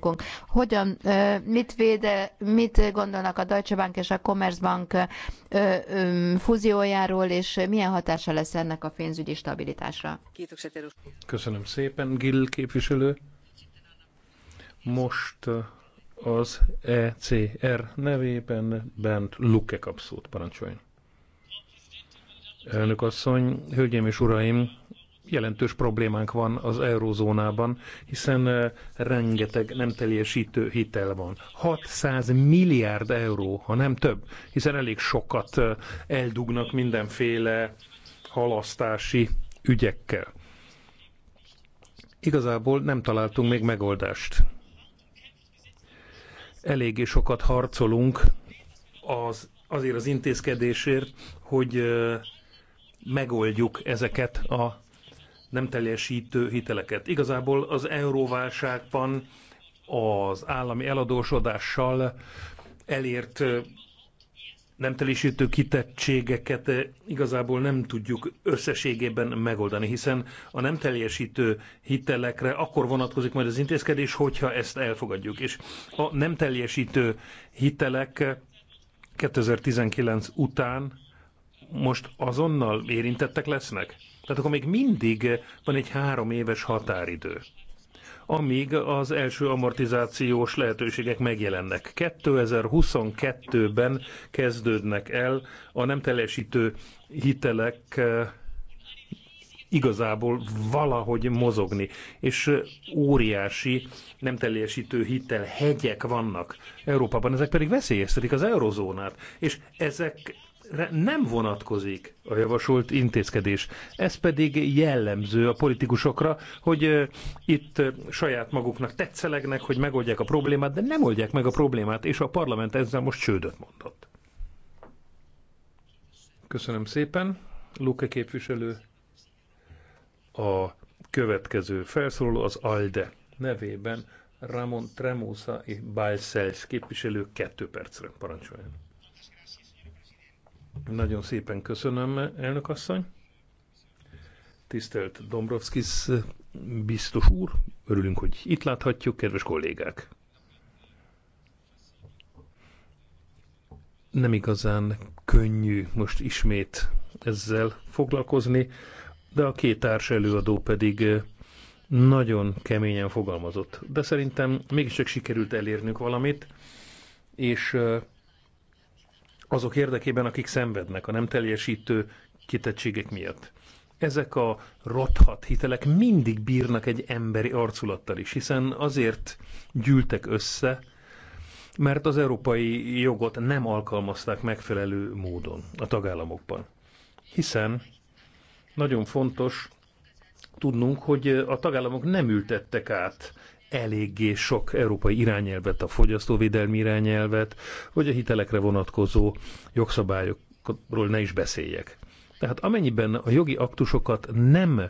bankunk. Hogyan, mit, véde, mit gondolnak a Deutsche Bank és a Commerzbank fúziójáról, és milyen hatása lesz ennek a pénzügyi stabilitásra? Köszönöm szépen, Gill képviselő. Most az ECR nevében Bent Luke kapszót parancsoljon. Elnök asszony, hölgyeim és uraim, jelentős problémánk van az eurózónában, hiszen rengeteg nem teljesítő hitel van. 600 milliárd euró, ha nem több, hiszen elég sokat eldugnak mindenféle halasztási ügyekkel. Igazából nem találtunk még megoldást. Eléggé sokat harcolunk az, azért az intézkedésért, hogy megoldjuk ezeket a nem teljesítő hiteleket. Igazából az euróválságban az állami eladósodással elért nem teljesítő kitettségeket igazából nem tudjuk összességében megoldani, hiszen a nem teljesítő hitelekre akkor vonatkozik majd az intézkedés, hogyha ezt elfogadjuk. És a nem teljesítő hitelek 2019 után most azonnal érintettek lesznek? Tehát akkor még mindig van egy három éves határidő amíg az első amortizációs lehetőségek megjelennek. 2022-ben kezdődnek el a nem teljesítő hitelek eh, igazából valahogy mozogni, és eh, óriási nem teljesítő hitel hegyek vannak Európában, ezek pedig veszélyeztetik az eurozónát, és ezek nem vonatkozik a javasolt intézkedés. Ez pedig jellemző a politikusokra, hogy itt saját maguknak tetszelegnek, hogy megoldják a problémát, de nem oldják meg a problémát, és a parlament ezzel most csődöt mondott. Köszönöm szépen. Luke képviselő a következő felszóló az ALDE nevében Ramon Tremosa és Balcells képviselő kettő percre parancsoljon. Nagyon szépen köszönöm, elnök asszony. Tisztelt Dombrovskis biztos úr, örülünk, hogy itt láthatjuk, kedves kollégák. Nem igazán könnyű most ismét ezzel foglalkozni, de a két társ előadó pedig nagyon keményen fogalmazott. De szerintem mégiscsak sikerült elérnünk valamit, és azok érdekében, akik szenvednek a nem teljesítő kitettségek miatt. Ezek a rothat hitelek mindig bírnak egy emberi arculattal is, hiszen azért gyűltek össze, mert az európai jogot nem alkalmazták megfelelő módon a tagállamokban. Hiszen nagyon fontos tudnunk, hogy a tagállamok nem ültettek át eléggé sok európai irányelvet, a fogyasztóvédelmi irányelvet, vagy a hitelekre vonatkozó jogszabályokról ne is beszéljek. Tehát amennyiben a jogi aktusokat nem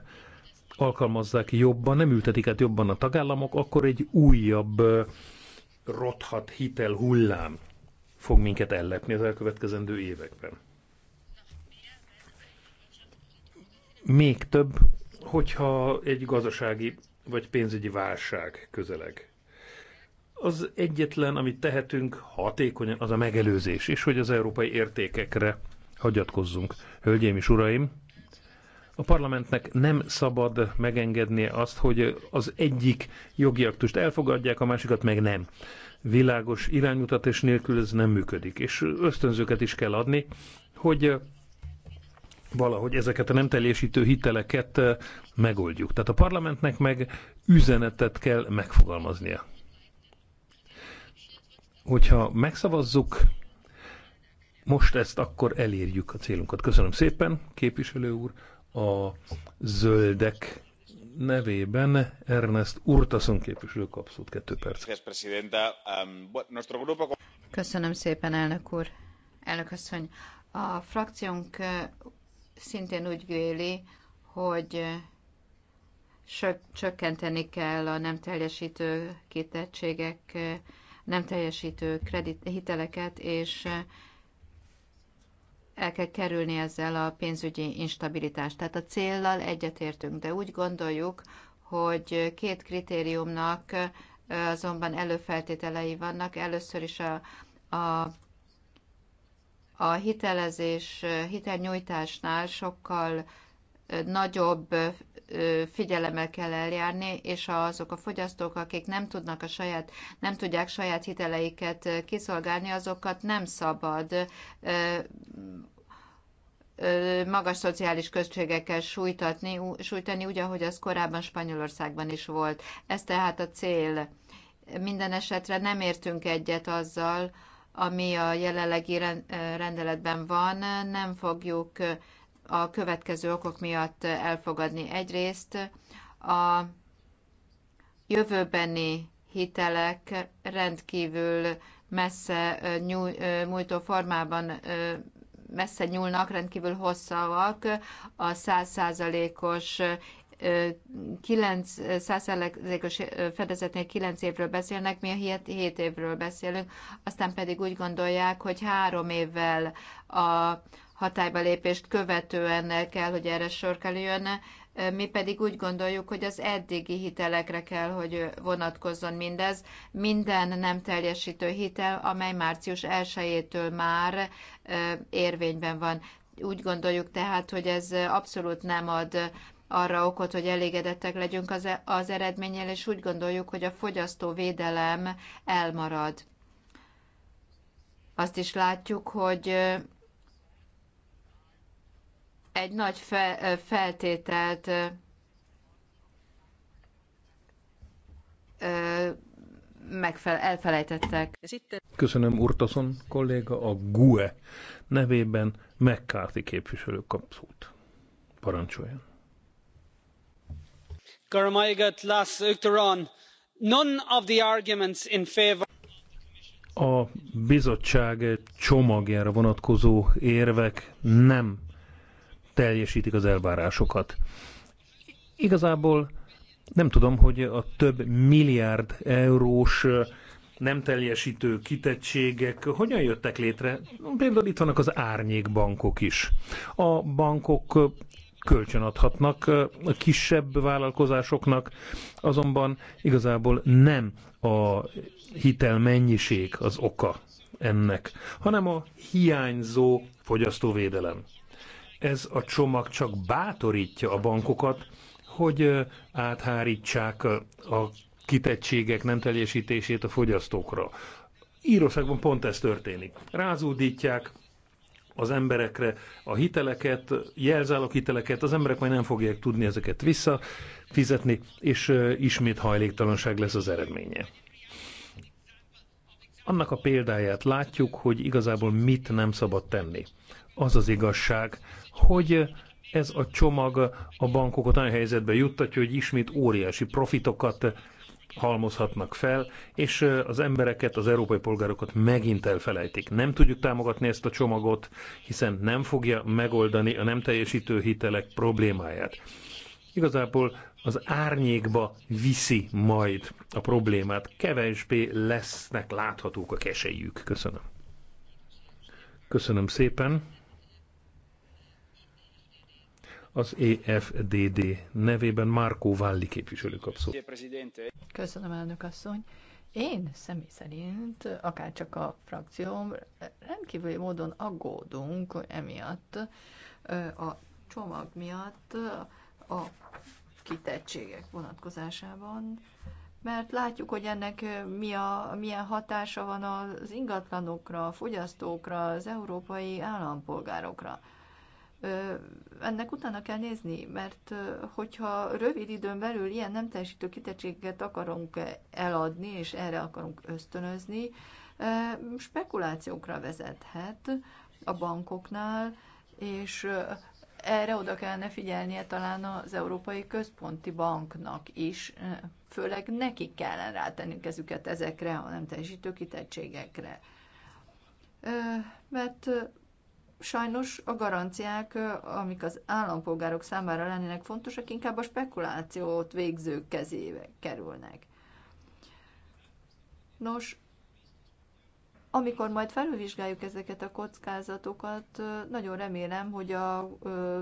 alkalmazzák jobban, nem ültetik át jobban a tagállamok, akkor egy újabb rothat hitel hullám fog minket ellepni az elkövetkezendő években. Még több, hogyha egy gazdasági vagy pénzügyi válság közeleg. Az egyetlen, amit tehetünk hatékonyan, az a megelőzés, és hogy az európai értékekre hagyatkozzunk. Hölgyeim és uraim, a parlamentnek nem szabad megengednie azt, hogy az egyik jogi aktust elfogadják, a másikat meg nem. Világos iránymutatás nélkül ez nem működik, és ösztönzőket is kell adni, hogy valahogy ezeket a nem teljesítő hiteleket eh, megoldjuk. Tehát a parlamentnek meg üzenetet kell megfogalmaznia. Hogyha megszavazzuk most ezt, akkor elérjük a célunkat. Köszönöm szépen, képviselő úr, a zöldek nevében Ernest Urtason képviselő kapszót kettő perc. Köszönöm szépen, elnök úr. Elnök asszony, a frakciónk eh, szintén úgy véli, hogy csökkenteni kell a nem teljesítő kitettségek, nem teljesítő kredit, hiteleket, és el kell kerülni ezzel a pénzügyi instabilitást. Tehát a céllal egyetértünk, de úgy gondoljuk, hogy két kritériumnak azonban előfeltételei vannak. Először is a, a a hitelezés, hitelnyújtásnál sokkal nagyobb figyelemmel kell eljárni, és azok a fogyasztók, akik nem tudnak a saját, nem tudják saját hiteleiket kiszolgálni, azokat nem szabad magas szociális költségekkel sújtatni, sújtani, úgy, ahogy az korábban Spanyolországban is volt. Ez tehát a cél. Minden esetre nem értünk egyet azzal, ami a jelenlegi rendeletben van, nem fogjuk a következő okok miatt elfogadni. Egyrészt a jövőbeni hitelek rendkívül messze nyúl, múltó formában messze nyúlnak, rendkívül hosszúak, a 100%-os 9 százalékos fedezetnél 9 évről beszélnek, mi a 7 évről beszélünk, aztán pedig úgy gondolják, hogy három évvel a hatályba lépést követően kell, hogy erre sor kerüljön, mi pedig úgy gondoljuk, hogy az eddigi hitelekre kell, hogy vonatkozzon mindez. Minden nem teljesítő hitel, amely március 1-től már érvényben van. Úgy gondoljuk tehát, hogy ez abszolút nem ad arra okot, hogy elégedettek legyünk az, e- az eredménnyel, és úgy gondoljuk, hogy a fogyasztó védelem elmarad. Azt is látjuk, hogy egy nagy fe, feltételt megfel, elfelejtettek. Köszönöm Urtason kolléga, a GUE nevében McCarthy képviselő kapszót. Parancsoljon a bizottság csomagjára vonatkozó érvek nem teljesítik az elvárásokat. Igazából nem tudom, hogy a több milliárd eurós nem teljesítő kitettségek hogyan jöttek létre. Például itt vannak az árnyékbankok is. A bankok kölcsönadhatnak a kisebb vállalkozásoknak, azonban igazából nem a hitel mennyiség az oka ennek, hanem a hiányzó fogyasztóvédelem. Ez a csomag csak bátorítja a bankokat, hogy áthárítsák a kitettségek nem teljesítését a fogyasztókra. Írországban pont ez történik. Rázódítják az emberekre a hiteleket, jelzálok hiteleket, az emberek majd nem fogják tudni ezeket visszafizetni, és ismét hajléktalanság lesz az eredménye. Annak a példáját látjuk, hogy igazából mit nem szabad tenni. Az az igazság, hogy ez a csomag a bankokat olyan helyzetbe juttatja, hogy ismét óriási profitokat halmozhatnak fel, és az embereket, az európai polgárokat megint elfelejtik. Nem tudjuk támogatni ezt a csomagot, hiszen nem fogja megoldani a nem teljesítő hitelek problémáját. Igazából az árnyékba viszi majd a problémát. Kevésbé lesznek láthatók a kesejük. Köszönöm. Köszönöm szépen az EFDD nevében Márkó Válli képviselő kap Köszönöm, elnök asszony. Én személy szerint, akár csak a frakcióm, rendkívüli módon aggódunk emiatt, a csomag miatt, a kitettségek vonatkozásában, mert látjuk, hogy ennek mi a, milyen hatása van az ingatlanokra, a fogyasztókra, az európai állampolgárokra ennek utána kell nézni, mert hogyha rövid időn belül ilyen nem teljesítő kitettséget akarunk e, eladni, és erre akarunk ösztönözni, spekulációkra vezethet a bankoknál, és erre oda kellene figyelnie talán az Európai Központi Banknak is, főleg nekik kellene rátenni kezüket ezekre a nem teljesítő kitettségekre. Mert sajnos a garanciák, amik az állampolgárok számára lennének fontosak, inkább a spekulációt végzők kezébe kerülnek. Nos, amikor majd felülvizsgáljuk ezeket a kockázatokat, nagyon remélem, hogy a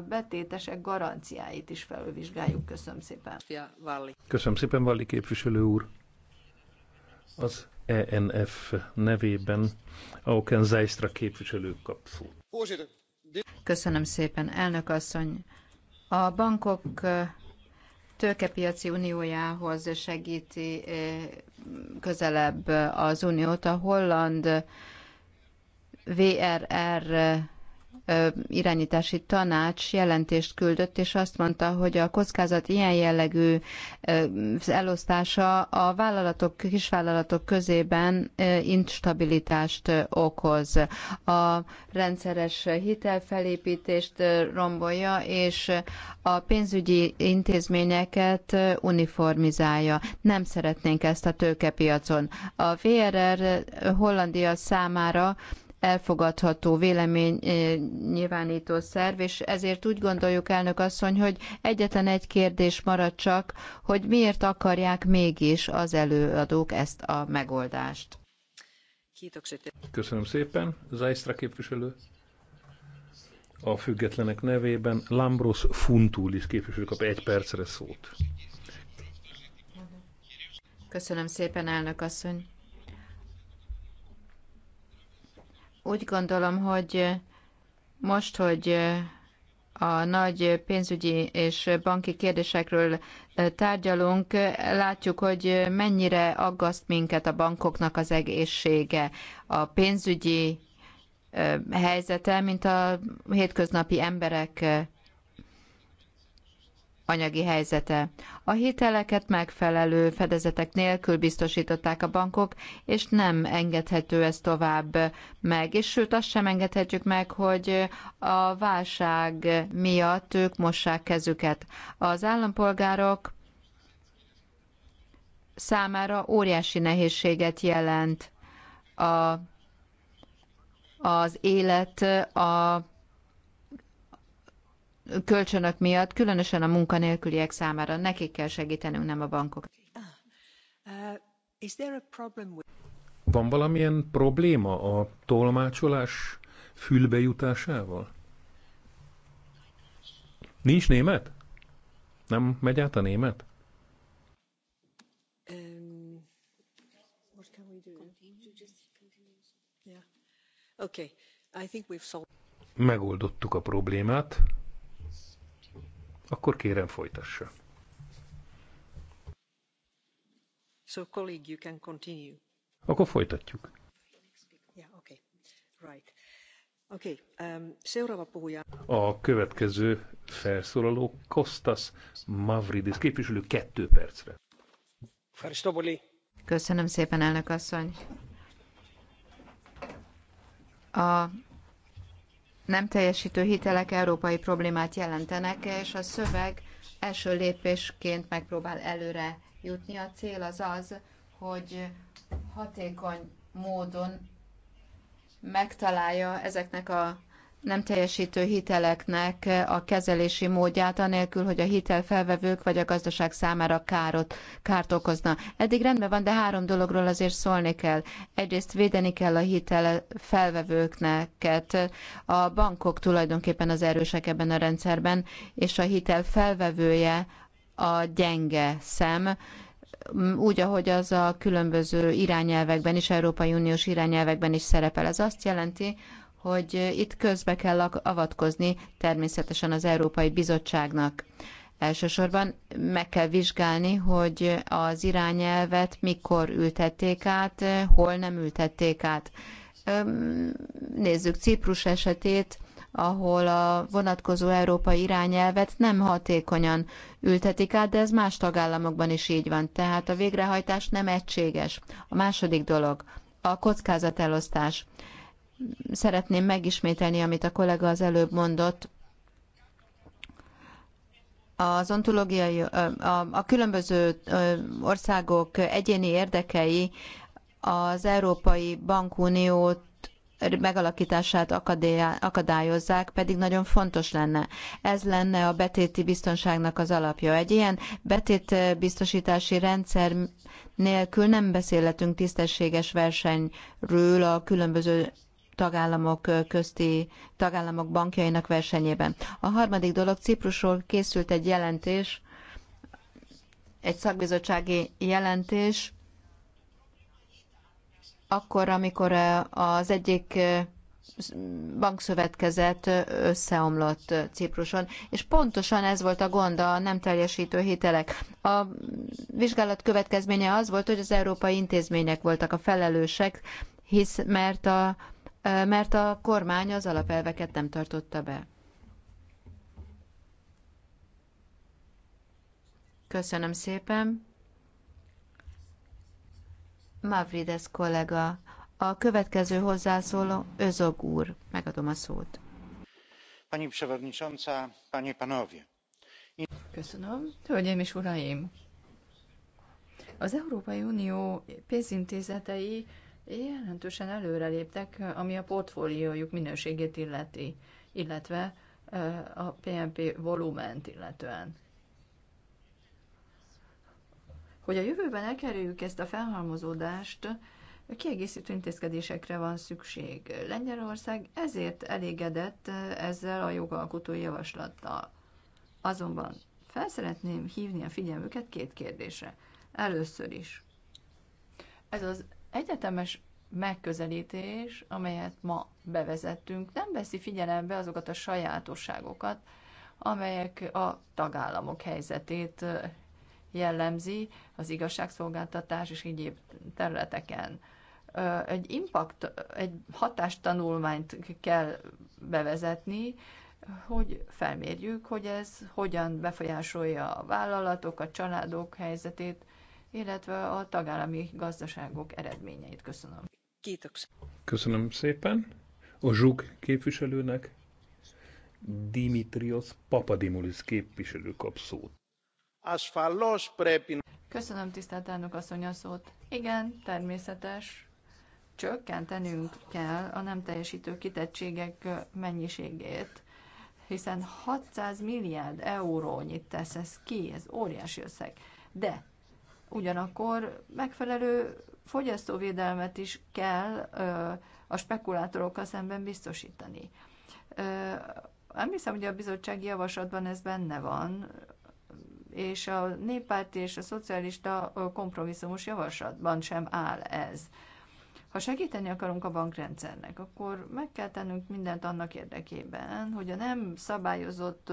betétesek garanciáit is felülvizsgáljuk. Köszönöm szépen. Köszönöm szépen, Valli képviselő úr. Az ENF nevében Auken Zeistra képviselő kap szót. Köszönöm szépen, elnök asszony. A bankok tőkepiaci uniójához segíti közelebb az uniót. A holland VRR irányítási tanács jelentést küldött, és azt mondta, hogy a kockázat ilyen jellegű elosztása a vállalatok, kisvállalatok közében instabilitást okoz. A rendszeres hitelfelépítést rombolja, és a pénzügyi intézményeket uniformizálja. Nem szeretnénk ezt a tőkepiacon. A VRR Hollandia számára elfogadható vélemény eh, nyilvánító szerv, és ezért úgy gondoljuk, elnök asszony, hogy egyetlen egy kérdés marad csak, hogy miért akarják mégis az előadók ezt a megoldást. Köszönöm szépen. Zajstra képviselő a függetlenek nevében Lambros Funtulis képviselő kap egy percre szót. Köszönöm szépen, elnök asszony. Úgy gondolom, hogy most, hogy a nagy pénzügyi és banki kérdésekről tárgyalunk, látjuk, hogy mennyire aggaszt minket a bankoknak az egészsége, a pénzügyi helyzete, mint a hétköznapi emberek anyagi helyzete. A hiteleket megfelelő fedezetek nélkül biztosították a bankok, és nem engedhető ez tovább meg. És sőt, azt sem engedhetjük meg, hogy a válság miatt ők mossák kezüket. Az állampolgárok számára óriási nehézséget jelent a, az élet a kölcsönök miatt, különösen a munkanélküliek számára. Nekik kell segítenünk, nem a bankok. Van valamilyen probléma a tolmácsolás fülbejutásával? Nincs német? Nem megy át a német? Megoldottuk a problémát. Akkor kérem folytassa. So, colleague, you can continue. Akkor folytatjuk. Yeah, okay. Right. Okay. Um, seuraava puhuja. A következő felszólaló Kostas Mavridis képviselő kettő percre. Köszönöm szépen, elnök asszony. A nem teljesítő hitelek európai problémát jelentenek, és a szöveg első lépésként megpróbál előre jutni. A cél az az, hogy hatékony módon megtalálja ezeknek a nem teljesítő hiteleknek a kezelési módját, anélkül, hogy a hitelfelvevők vagy a gazdaság számára károt, kárt okozna. Eddig rendben van, de három dologról azért szólni kell. Egyrészt védeni kell a hitel felvevőknek, A bankok tulajdonképpen az erősek ebben a rendszerben, és a hitel felvevője a gyenge szem, úgy, ahogy az a különböző irányelvekben is, Európai Uniós irányelvekben is szerepel. Ez azt jelenti, hogy itt közbe kell avatkozni természetesen az Európai Bizottságnak. Elsősorban meg kell vizsgálni, hogy az irányelvet mikor ültették át, hol nem ültették át. Nézzük Ciprus esetét, ahol a vonatkozó európai irányelvet nem hatékonyan ültetik át, de ez más tagállamokban is így van. Tehát a végrehajtás nem egységes. A második dolog a kockázatelosztás. elosztás szeretném megismételni, amit a kollega az előbb mondott, az ontológiai, a, a különböző országok egyéni érdekei az Európai Bankuniót megalakítását akadályozzák, pedig nagyon fontos lenne. Ez lenne a betéti biztonságnak az alapja. Egy ilyen betét biztosítási rendszer nélkül nem beszélhetünk tisztességes versenyről a különböző tagállamok közti tagállamok bankjainak versenyében. A harmadik dolog, Ciprusról készült egy jelentés, egy szakbizottsági jelentés, akkor, amikor az egyik bankszövetkezet összeomlott Cipruson, és pontosan ez volt a gond a nem teljesítő hitelek. A vizsgálat következménye az volt, hogy az európai intézmények voltak a felelősek, hisz mert a mert a kormány az alapelveket nem tartotta be. Köszönöm szépen. Mavrides kollega, a következő hozzászóló Özog úr. Megadom a szót. Pani przewodnicząca, panie panowie. Köszönöm. Hölgyeim és uraim! Az Európai Unió pénzintézetei jelentősen előreléptek, ami a portfóliójuk minőségét illeti, illetve a PNP volument illetően. Hogy a jövőben elkerüljük ezt a felhalmozódást, kiegészítő intézkedésekre van szükség. Lengyelország ezért elégedett ezzel a jogalkotói javaslattal. Azonban felszeretném hívni a figyelmüket két kérdésre. Először is. Ez az egyetemes megközelítés, amelyet ma bevezettünk, nem veszi figyelembe azokat a sajátosságokat, amelyek a tagállamok helyzetét jellemzi az igazságszolgáltatás és egyéb területeken. Egy impact, egy hatástanulmányt kell bevezetni, hogy felmérjük, hogy ez hogyan befolyásolja a vállalatok, a családok helyzetét, illetve a tagállami gazdaságok eredményeit. Köszönöm. Köszönöm szépen. A Zsuk képviselőnek Dimitrios Papadimulis képviselő kap szót. Köszönöm, tisztelt elnök asszony a szót. Igen, természetes. Csökkentenünk kell a nem teljesítő kitettségek mennyiségét, hiszen 600 milliárd eurónyit tesz ez ki, ez óriási összeg. De Ugyanakkor megfelelő fogyasztóvédelmet is kell a spekulátorokkal szemben biztosítani. Nem hiszem, hogy a bizottsági javaslatban ez benne van, és a néppárti és a szocialista kompromisszumos javaslatban sem áll ez. Ha segíteni akarunk a bankrendszernek, akkor meg kell tennünk mindent annak érdekében, hogy a nem szabályozott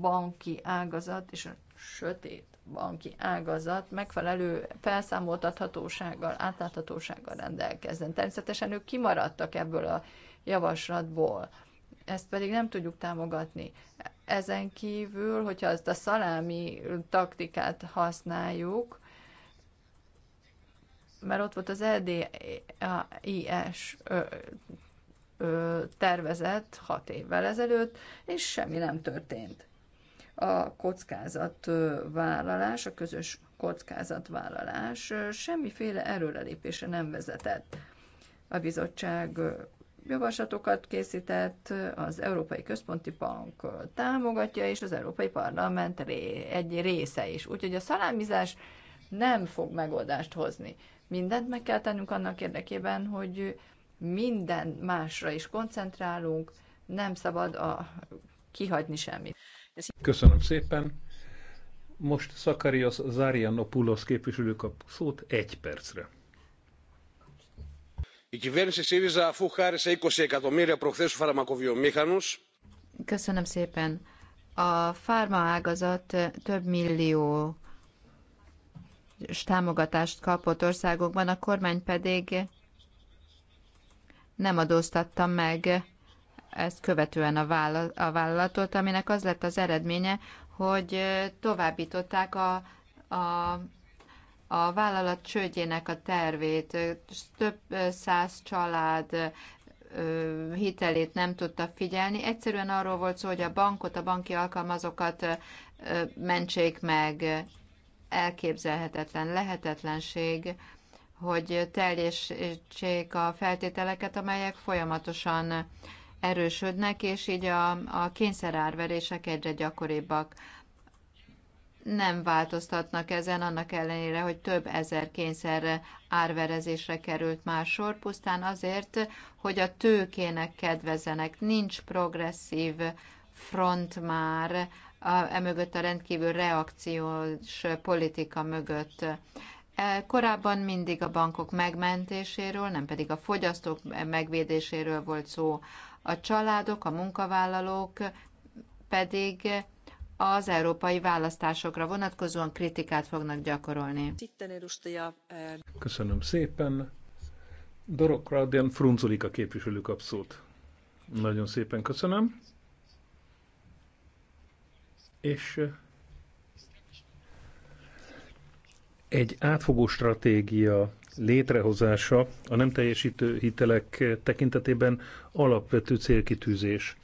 banki ágazat és a sötét banki ágazat megfelelő felszámoltathatósággal, átláthatósággal rendelkezzen. Természetesen ők kimaradtak ebből a javaslatból, ezt pedig nem tudjuk támogatni. Ezen kívül, hogyha azt a szalámi taktikát használjuk, mert ott volt az EDIS tervezett hat évvel ezelőtt, és semmi nem történt. A kockázatvállalás, a közös kockázatvállalás semmiféle erőrelépése nem vezetett. A bizottság javaslatokat készített, az Európai Központi Bank támogatja, és az Európai Parlament egy része is. Úgyhogy a szalámizás nem fog megoldást hozni. Mindent meg kell tennünk annak érdekében, hogy minden másra is koncentrálunk, nem szabad a, kihagyni semmit. Köszönöm szépen. Most Szakarias Zárianopoulos képviselő kap szót egy percre. Η κυβέρνηση ΣΥΡΙΖΑ, αφού χάρισε 20 εκατομμύρια προχθέ στου φαρμακοβιομήχανου. Köszönöm szépen. A ágazat több millió támogatást kapott országokban, a kormány pedig nem adóztatta meg ezt követően a, vállal, a vállalatot, aminek az lett az eredménye, hogy továbbították a, a, a vállalat csődjének a tervét. Több száz család hitelét nem tudta figyelni. Egyszerűen arról volt szó, hogy a bankot, a banki alkalmazókat mentsék meg. Elképzelhetetlen lehetetlenség hogy teljesítsék a feltételeket, amelyek folyamatosan erősödnek, és így a, a kényszerárverések egyre gyakoribbak. Nem változtatnak ezen, annak ellenére, hogy több ezer kényszer árverezésre került már sor, pusztán azért, hogy a tőkének kedvezenek. Nincs progresszív front már a, emögött a rendkívül reakciós politika mögött. E, korábban mindig a bankok megmentéséről, nem pedig a fogyasztók megvédéséről volt szó. A családok, a munkavállalók pedig az európai választásokra vonatkozóan kritikát fognak gyakorolni. Köszönöm szépen. Dorok Radian Frunzulika képviselő kap Nagyon szépen köszönöm. És Egy átfogó stratégia létrehozása a nem teljesítő hitelek tekintetében alapvető célkitűzés,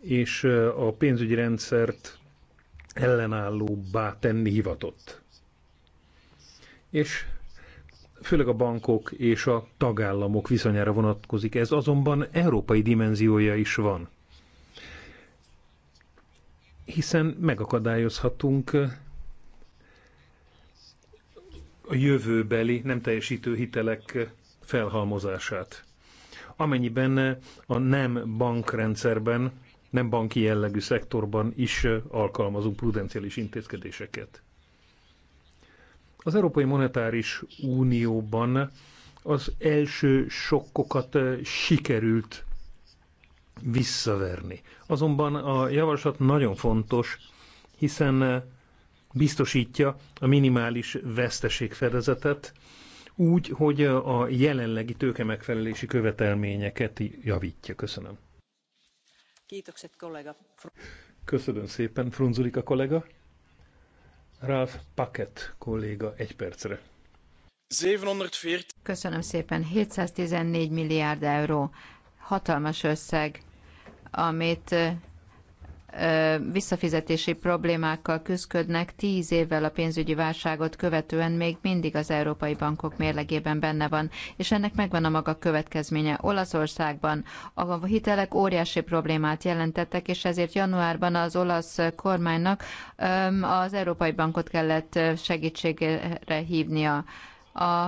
és a pénzügyi rendszert ellenállóbbá tenni hivatott. És főleg a bankok és a tagállamok viszonyára vonatkozik. Ez azonban európai dimenziója is van. Hiszen megakadályozhatunk a jövőbeli nem teljesítő hitelek felhalmozását. Amennyiben a nem bankrendszerben, nem banki jellegű szektorban is alkalmazunk prudenciális intézkedéseket. Az Európai Monetáris Unióban az első sokkokat sikerült visszaverni. Azonban a javaslat nagyon fontos, hiszen biztosítja a minimális veszteségfedezetet, úgy, hogy a jelenlegi tőke megfelelési követelményeket javítja. Köszönöm. Kiitokset, kollega. Köszönöm szépen, Frunzulika kollega. Ralf Paket kolléga egy percre. 740. Köszönöm szépen. 714 milliárd euró. Hatalmas összeg, amit visszafizetési problémákkal küzdködnek, tíz évvel a pénzügyi válságot követően még mindig az európai bankok mérlegében benne van, és ennek megvan a maga következménye. Olaszországban a hitelek óriási problémát jelentettek, és ezért januárban az olasz kormánynak az Európai Bankot kellett segítségre hívnia. A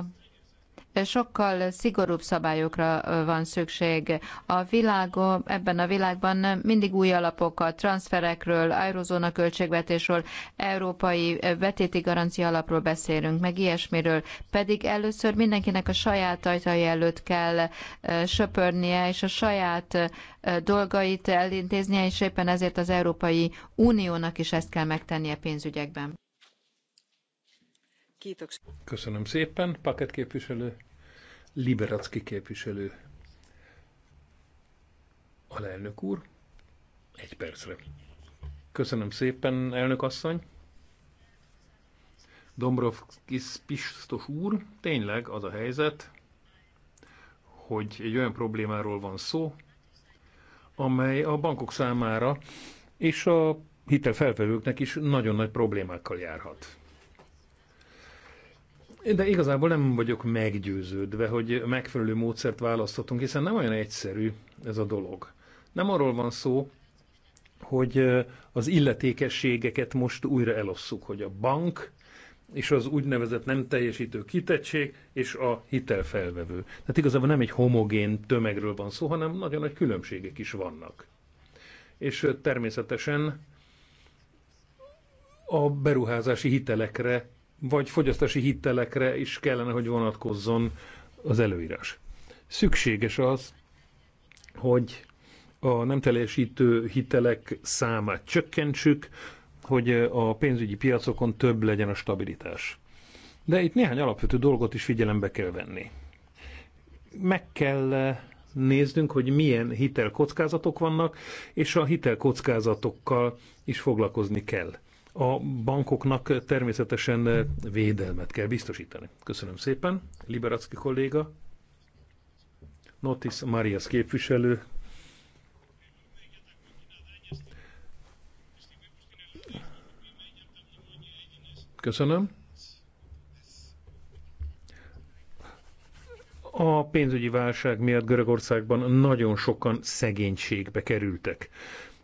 sokkal szigorúbb szabályokra van szükség. A világ, ebben a világban mindig új alapokat, transferekről, aerozóna költségvetésről, európai vetéti garancia alapról beszélünk, meg ilyesmiről. Pedig először mindenkinek a saját ajtaja előtt kell söpörnie, és a saját dolgait elintéznie, és éppen ezért az Európai Uniónak is ezt kell megtennie pénzügyekben. Köszönöm szépen, paketképviselő. Liberacki képviselő. Alelnök úr, egy percre. Köszönöm szépen, elnök asszony. Dombrovskis Pistos úr, tényleg az a helyzet, hogy egy olyan problémáról van szó, amely a bankok számára és a hitelfelvevőknek is nagyon nagy problémákkal járhat de igazából nem vagyok meggyőződve, hogy megfelelő módszert választhatunk, hiszen nem olyan egyszerű ez a dolog. Nem arról van szó, hogy az illetékességeket most újra elosszuk, hogy a bank és az úgynevezett nem teljesítő kitettség és a hitelfelvevő. Tehát igazából nem egy homogén tömegről van szó, hanem nagyon nagy különbségek is vannak. És természetesen a beruházási hitelekre vagy fogyasztási hitelekre is kellene, hogy vonatkozzon az előírás. Szükséges az, hogy a nem teljesítő hitelek számát csökkentsük, hogy a pénzügyi piacokon több legyen a stabilitás. De itt néhány alapvető dolgot is figyelembe kell venni. Meg kell eh, néznünk, hogy milyen hitelkockázatok vannak, és a hitelkockázatokkal is foglalkozni kell. A bankoknak természetesen védelmet kell biztosítani. Köszönöm szépen, Liberacki kolléga. Notis Marias képviselő. Köszönöm. A pénzügyi válság miatt Görögországban nagyon sokan szegénységbe kerültek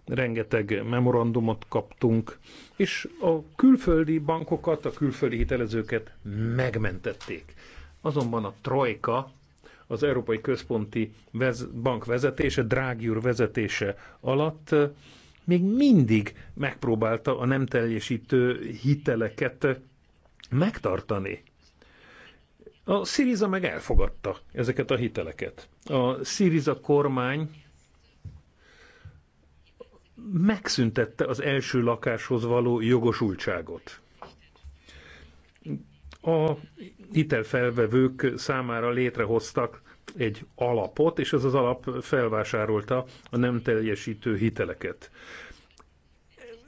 rengeteg memorandumot kaptunk, és a külföldi bankokat, a külföldi hitelezőket megmentették. Azonban a trojka, az Európai Központi Bank vezetése, Drágyúr vezetése alatt még mindig megpróbálta a nem teljesítő hiteleket megtartani. A Syriza meg elfogadta ezeket a hiteleket. A Syriza kormány megszüntette az első lakáshoz való jogosultságot. A hitelfelvevők számára létrehoztak egy alapot, és ez az alap felvásárolta a nem teljesítő hiteleket.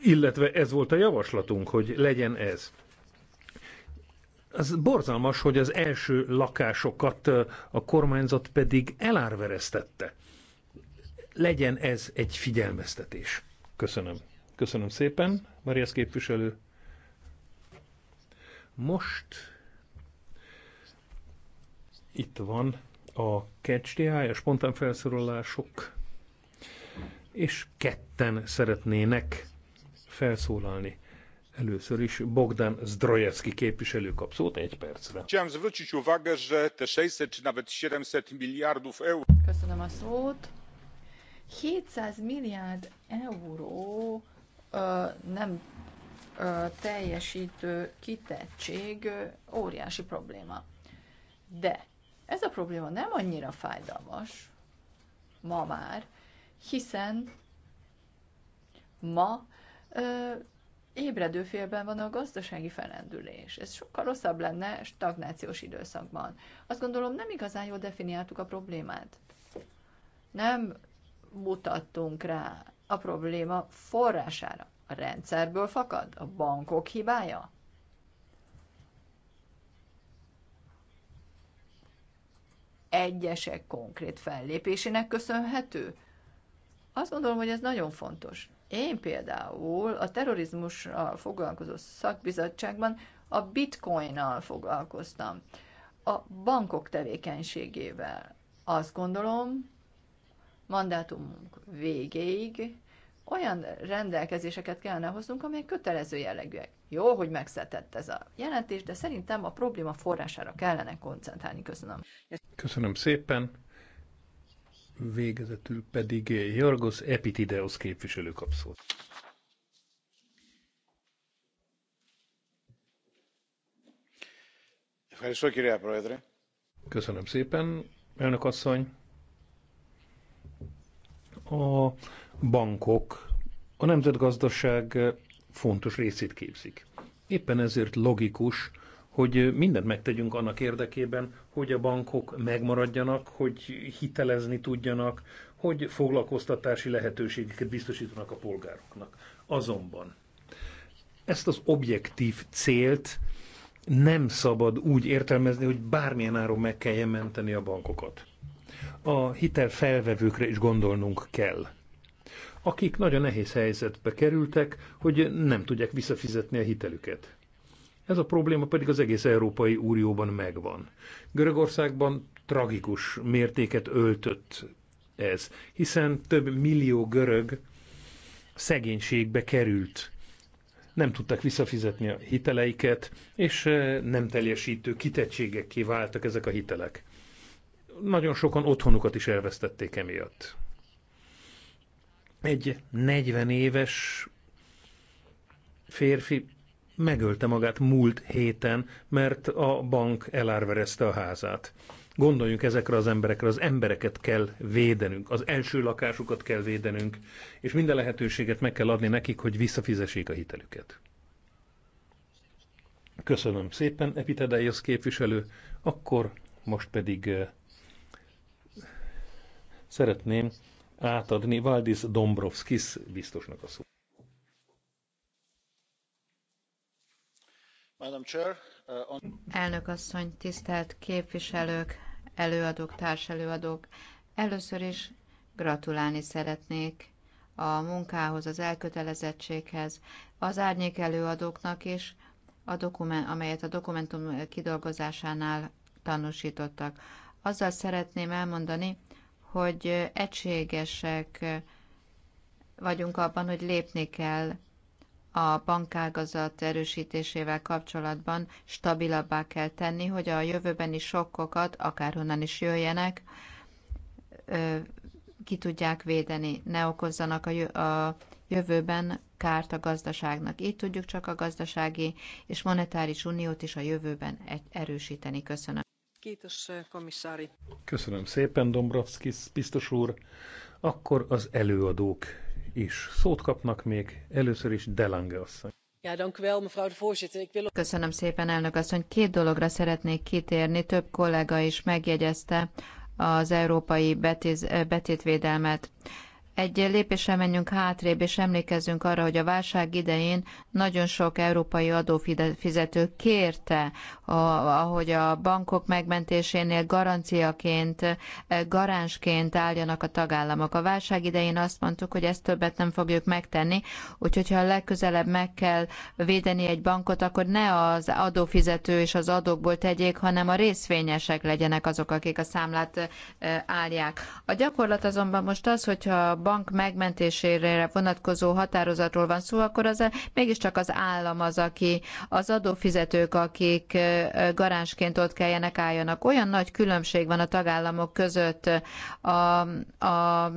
Illetve ez volt a javaslatunk, hogy legyen ez. Az borzalmas, hogy az első lakásokat a kormányzat pedig elárveresztette legyen ez egy figyelmeztetés. Köszönöm. Köszönöm szépen, Marias képviselő. Most itt van a KCDI, a spontán felszólalások, és ketten szeretnének felszólalni. Először is Bogdan Zdrojewski képviselő kap szót egy percre. 600 Köszönöm a szót. 700 milliárd euró ö, nem ö, teljesítő kitettség ö, óriási probléma. De ez a probléma nem annyira fájdalmas ma már, hiszen ma ö, ébredőfélben van a gazdasági felendülés. Ez sokkal rosszabb lenne stagnációs időszakban. Azt gondolom, nem igazán jól definiáltuk a problémát. Nem mutattunk rá a probléma forrására. A rendszerből fakad? A bankok hibája? Egyesek konkrét fellépésének köszönhető? Azt gondolom, hogy ez nagyon fontos. Én például a terrorizmussal foglalkozó szakbizottságban a bitcoinnal foglalkoztam, a bankok tevékenységével. Azt gondolom, mandátumunk végéig olyan rendelkezéseket kellene hoznunk, amelyek kötelező jellegűek. Jó, hogy megszetett ez a jelentés, de szerintem a probléma forrására kellene koncentrálni. Köszönöm. Köszönöm szépen. Végezetül pedig Jorgos Epitideos képviselő kap szót. Köszönöm szépen, elnök asszony a bankok a nemzetgazdaság fontos részét képzik. Éppen ezért logikus, hogy mindent megtegyünk annak érdekében, hogy a bankok megmaradjanak, hogy hitelezni tudjanak, hogy foglalkoztatási lehetőségeket biztosítanak a polgároknak. Azonban ezt az objektív célt nem szabad úgy értelmezni, hogy bármilyen áron meg kelljen menteni a bankokat a hitelfelvevőkre is gondolnunk kell akik nagyon nehéz helyzetbe kerültek, hogy nem tudják visszafizetni a hitelüket. Ez a probléma pedig az egész Európai Unióban megvan. Görögországban tragikus mértéket öltött ez, hiszen több millió görög szegénységbe került. Nem tudtak visszafizetni a hiteleiket, és eh, nem teljesítő kitettségekké váltak ezek a hitelek nagyon sokan otthonukat is elvesztették emiatt. Egy 40 éves férfi megölte magát múlt héten, mert a bank elárverezte a házát. Gondoljunk ezekre az emberekre, az embereket kell védenünk, az első lakásukat kell védenünk, és minden lehetőséget meg kell adni nekik, hogy visszafizessék a hitelüket. Köszönöm szépen, Epitedeios képviselő, akkor most pedig eh, Szeretném átadni Valdis Dombrovskis biztosnak a szót. Uh, Elnök asszony, tisztelt képviselők, előadók, társelőadók! Először is gratulálni szeretnék a munkához, az elkötelezettséghez, az árnyék előadóknak is, a dokument, amelyet a dokumentum kidolgozásánál tanúsítottak. Azzal szeretném elmondani, hogy egységesek vagyunk abban, hogy lépni kell a bankágazat erősítésével kapcsolatban stabilabbá kell tenni, hogy a jövőbeni sokkokat, akárhonnan is jöjjenek, ki tudják védeni, ne okozzanak a jövőben kárt a gazdaságnak. Így tudjuk csak a gazdasági és monetáris uniót is a jövőben erősíteni. Köszönöm. Eh, Köszönöm szépen, Dombrovskis biztos úr. Akkor az előadók is szót kapnak még. Először is Delange asszony. Köszönöm szépen, elnök asszony. Két dologra szeretnék kitérni, több kollega is megjegyezte az európai betétvédelmet egy lépésre menjünk hátrébb, és emlékezzünk arra, hogy a válság idején nagyon sok európai adófizető kérte, ahogy a bankok megmentésénél garanciaként, eh, garánsként álljanak a tagállamok. A válság idején azt mondtuk, hogy ezt többet nem fogjuk megtenni, úgyhogy ha legközelebb meg kell védeni egy bankot, akkor ne az adófizető és az adókból tegyék, hanem a részvényesek legyenek azok, akik a számlát eh, állják. A gyakorlat azonban most az, hogyha bank megmentésére vonatkozó határozatról van szó, akkor az mégiscsak az állam az, aki az adófizetők, akik garánsként ott kelljenek álljanak. Olyan nagy különbség van a tagállamok között a, a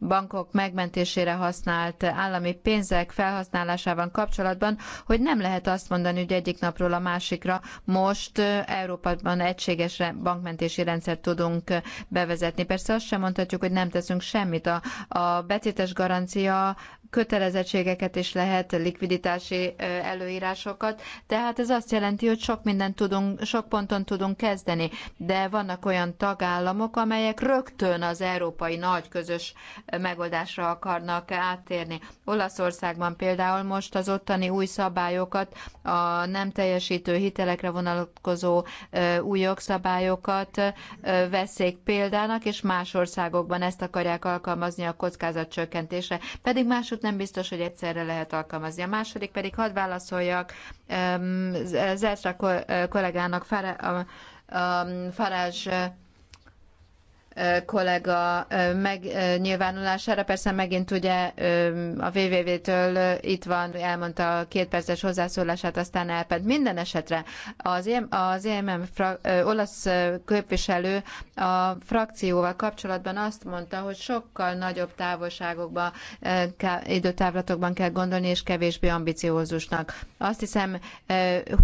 bankok megmentésére használt állami pénzek felhasználásával kapcsolatban, hogy nem lehet azt mondani, hogy egyik napról a másikra most Európában egységes bankmentési rendszert tudunk bevezetni. Persze azt sem mondhatjuk, hogy nem teszünk semmit. A, a betétes garancia kötelezettségeket is lehet, likviditási előírásokat, tehát ez azt jelenti, hogy sok mindent tudunk, sok ponton tudunk kezdeni, de vannak olyan tagállamok, amelyek rögtön az európai nagy közös megoldásra akarnak áttérni. Olaszországban például most az ottani új szabályokat, a nem teljesítő hitelekre vonatkozó új jogszabályokat veszik példának, és más országokban ezt akarják alkalmazni a kockázatcsökkentésre. Pedig más elsőt nem biztos, hogy egyszerre lehet alkalmazni. A második pedig hadd válaszoljak Zeltra kollégának, Farázs kollega megnyilvánulására. Persze megint ugye a VVV-től itt van, elmondta a két perces hozzászólását, aztán elped. Minden esetre az, e az EMM olasz képviselő a frakcióval kapcsolatban azt mondta, hogy sokkal nagyobb távolságokban, időtávlatokban kell gondolni, és kevésbé ambiciózusnak. Azt hiszem,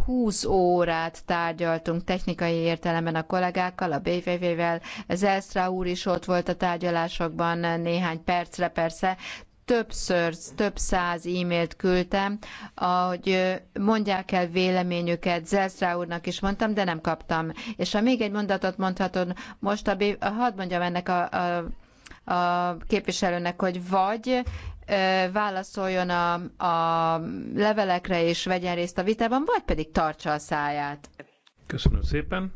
20 órát tárgyaltunk technikai értelemben a kollégákkal, a BVV-vel, Zelstra Kósa úr is ott volt a tárgyalásokban néhány percre persze, többször, több száz e-mailt küldtem, hogy mondják el véleményüket, Zelszrá úrnak is mondtam, de nem kaptam. És ha még egy mondatot mondhatod, most a, hadd mondjam ennek a, a, a képviselőnek, hogy vagy válaszoljon a, a levelekre és vegyen részt a vitában, vagy pedig tartsa a száját. Köszönöm szépen.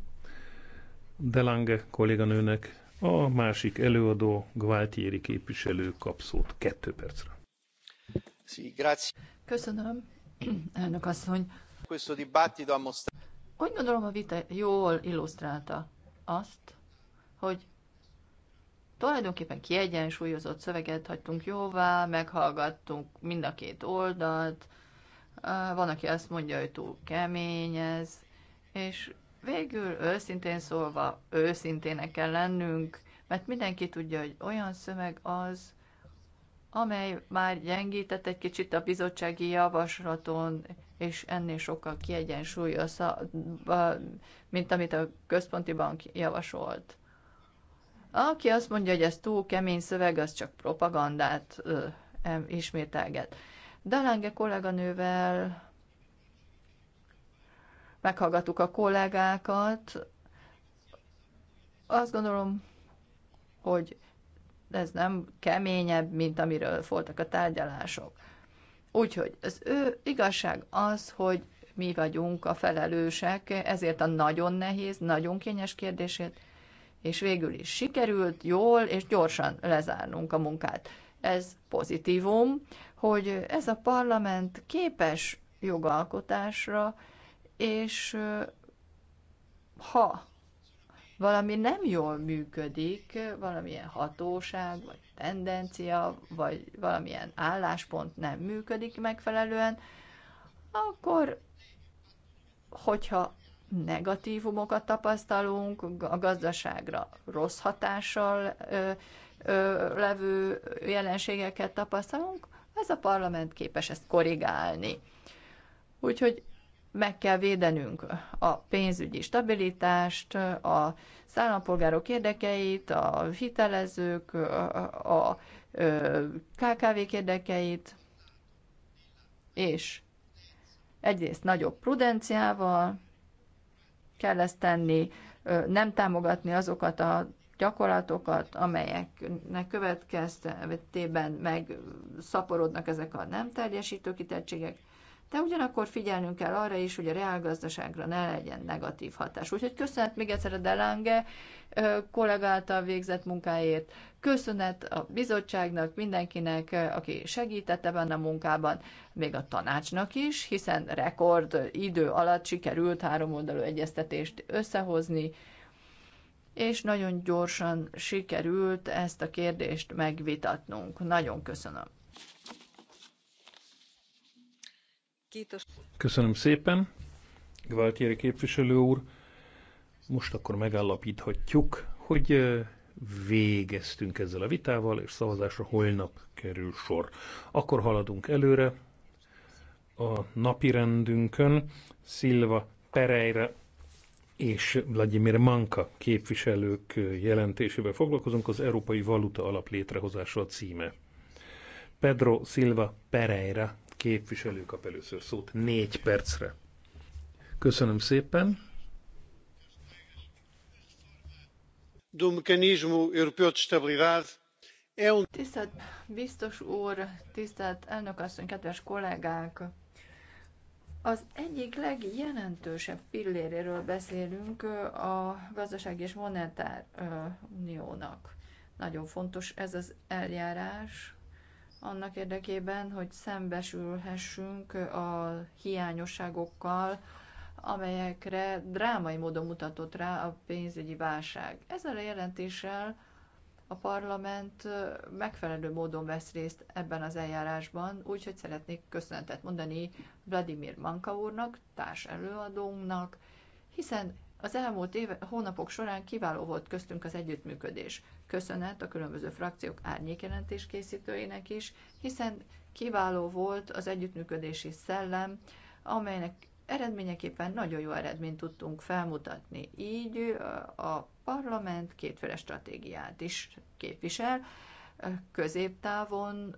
Delange kolléganőnek a másik előadó Gváltieri képviselő kap szót kettő percre. Köszönöm, elnök asszony. Úgy gondolom a vita jól illusztrálta azt, hogy tulajdonképpen kiegyensúlyozott szöveget hagytunk jóvá, meghallgattunk mind a két oldalt, van, aki azt mondja, hogy túl kemény ez, és Végül őszintén szólva, őszintének kell lennünk, mert mindenki tudja, hogy olyan szöveg az, amely már gyengített egy kicsit a bizottsági javaslaton, és ennél sokkal kiegyensúlyozabb, mint amit a központi bank javasolt. Aki azt mondja, hogy ez túl kemény szöveg, az csak propagandát ö, ismételget. Dalange kolléganővel meghallgattuk a kollégákat. Azt gondolom, hogy ez nem keményebb, mint amiről voltak a tárgyalások. Úgyhogy az ő igazság az, hogy mi vagyunk a felelősek ezért a nagyon nehéz, nagyon kényes kérdését, és végül is sikerült jól és gyorsan lezárnunk a munkát. Ez pozitívum, hogy ez a parlament képes jogalkotásra, és ha valami nem jól működik, valamilyen hatóság, vagy tendencia, vagy valamilyen álláspont nem működik megfelelően, akkor, hogyha negatívumokat tapasztalunk, a gazdaságra rossz hatással ö, ö, levő jelenségeket tapasztalunk, ez a parlament képes ezt korrigálni. Úgyhogy meg kell védenünk a pénzügyi stabilitást, a szállampolgárok érdekeit, a hitelezők, a KKV-k érdekeit, és egyrészt nagyobb prudenciával kell ezt tenni, nem támogatni azokat a gyakorlatokat, amelyeknek következtében megszaporodnak ezek a nem teljesítő kitettségek, de ugyanakkor figyelnünk kell arra is, hogy a reálgazdaságra ne legyen negatív hatás. Úgyhogy köszönet még egyszer a Delange kollégáltal végzett munkáért, köszönet a bizottságnak, mindenkinek, aki segítette benne a munkában, még a tanácsnak is, hiszen rekord idő alatt sikerült három oldalú egyeztetést összehozni, és nagyon gyorsan sikerült ezt a kérdést megvitatnunk. Nagyon köszönöm. Köszönöm szépen, Gváltieri képviselő úr. Most akkor megállapíthatjuk, hogy végeztünk ezzel a vitával, és szavazásra holnap kerül sor. Akkor haladunk előre a napi rendünkön. Szilva Pereira és Vladimir Manka képviselők jelentésével foglalkozunk, az Európai Valuta Alap létrehozása a címe. Pedro Silva Pereira képviselő kap először szót négy percre. Köszönöm szépen. Do mecanismo europeu de estabilidade é um... Tisztelt biztos úr, tisztelt elnökasszony, kedves kollégák! Az egyik legjelentősebb pilléréről beszélünk a gazdasági és monetár uniónak. Nagyon fontos ez az eljárás, annak érdekében, hogy szembesülhessünk a hiányosságokkal, amelyekre drámai módon mutatott rá a pénzügyi válság. Ezzel a jelentéssel a parlament megfelelő módon vesz részt ebben az eljárásban, úgyhogy szeretnék köszönetet mondani Vladimir Manka úrnak, társ előadónknak, hiszen az elmúlt éve, hónapok során kiváló volt köztünk az együttműködés köszönet a különböző frakciók árnyékjelentés készítőinek is, hiszen kiváló volt az együttműködési szellem, amelynek eredményeképpen nagyon jó eredményt tudtunk felmutatni. Így a parlament kétféle stratégiát is képvisel, középtávon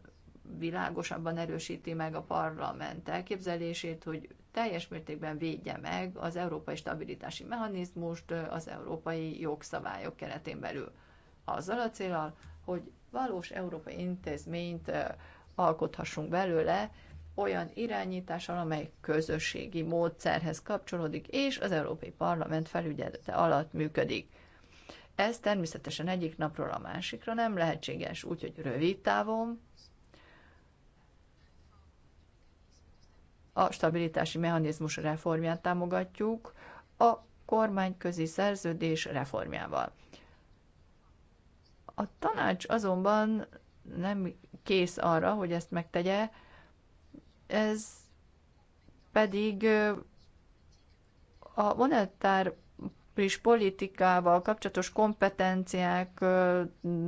világosabban erősíti meg a parlament elképzelését, hogy teljes mértékben védje meg az európai stabilitási mechanizmust az európai jogszabályok keretén belül azzal a célral, hogy valós európai intézményt alkothassunk belőle, olyan irányítással, amely közösségi módszerhez kapcsolódik, és az Európai Parlament felügyelete alatt működik. Ez természetesen egyik napról a másikra nem lehetséges, úgyhogy rövid távon a stabilitási mechanizmus reformját támogatjuk a kormányközi szerződés reformjával. A tanács azonban nem kész arra, hogy ezt megtegye, ez pedig a monetár politikával kapcsolatos kompetenciák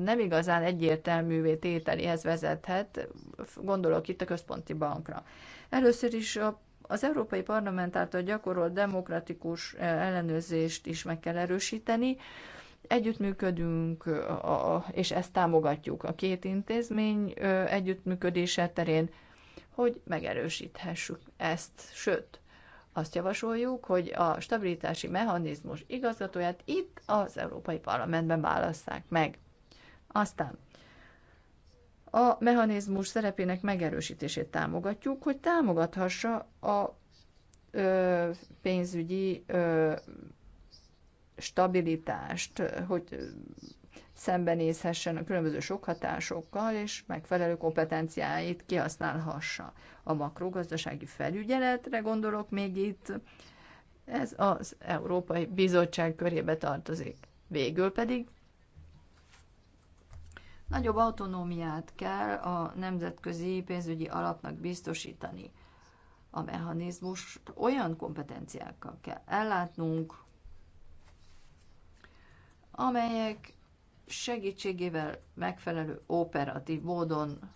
nem igazán egyértelművé tételéhez vezethet, gondolok itt a központi bankra. Először is a az Európai Parlament által gyakorolt demokratikus ellenőrzést is meg kell erősíteni, Együttműködünk, és ezt támogatjuk a két intézmény együttműködése terén, hogy megerősíthessük ezt. Sőt, azt javasoljuk, hogy a stabilitási mechanizmus igazgatóját itt az Európai Parlamentben válasszák meg. Aztán a mechanizmus szerepének megerősítését támogatjuk, hogy támogathassa a ö, pénzügyi ö, stabilitást, hogy szembenézhessen a különböző sok hatásokkal, és megfelelő kompetenciáit kihasználhassa. A makrogazdasági felügyeletre gondolok még itt, ez az Európai Bizottság körébe tartozik. Végül pedig nagyobb autonómiát kell a nemzetközi pénzügyi alapnak biztosítani. A mechanizmust olyan kompetenciákkal kell ellátnunk, amelyek segítségével megfelelő operatív módon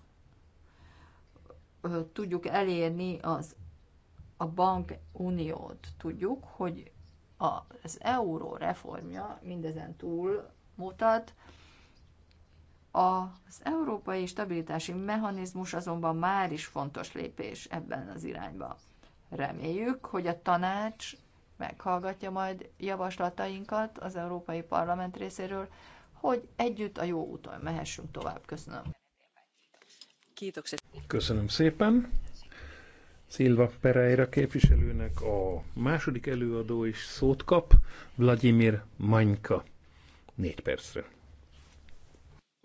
tudjuk elérni az, a bankuniót. Tudjuk, hogy az euró reformja mindezen túl mutat, az európai stabilitási mechanizmus azonban már is fontos lépés ebben az irányba. Reméljük, hogy a tanács meghallgatja majd javaslatainkat az Európai Parlament részéről, hogy együtt a jó úton mehessünk tovább. Köszönöm. Köszönöm szépen. Szilva Pereira képviselőnek a második előadó is szót kap, Vladimir Manyka. Négy percre.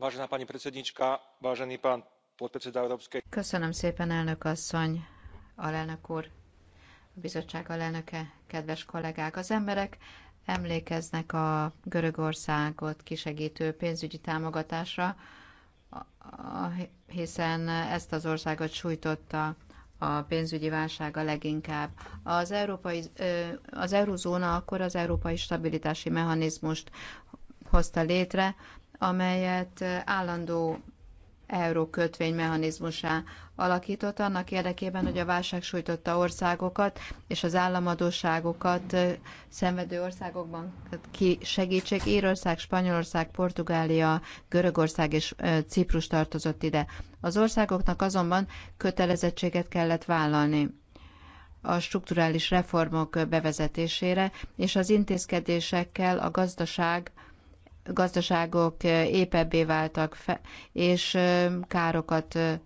Vážená pani predsednička, vážený pán podpredseda Európskej... Köszönöm szépen, elnök asszony, alelnök úr, bizottság alelnöke, kedves kollégák, az emberek emlékeznek a Görögországot kisegítő pénzügyi támogatásra, hiszen ezt az országot sújtotta a pénzügyi válsága leginkább. Az, európai, az eurozóna akkor az európai stabilitási mechanizmust hozta létre, amelyet állandó Euró eurókötvénymechanizmusá alakított annak érdekében, hogy a válság sújtotta országokat és az államadóságokat szenvedő országokban segítsék. Írország, Spanyolország, Portugália, Görögország és Ciprus tartozott ide. Az országoknak azonban kötelezettséget kellett vállalni a strukturális reformok bevezetésére, és az intézkedésekkel a gazdaság gazdaságok eh, épebbé váltak, fe, és eh, károkat eh,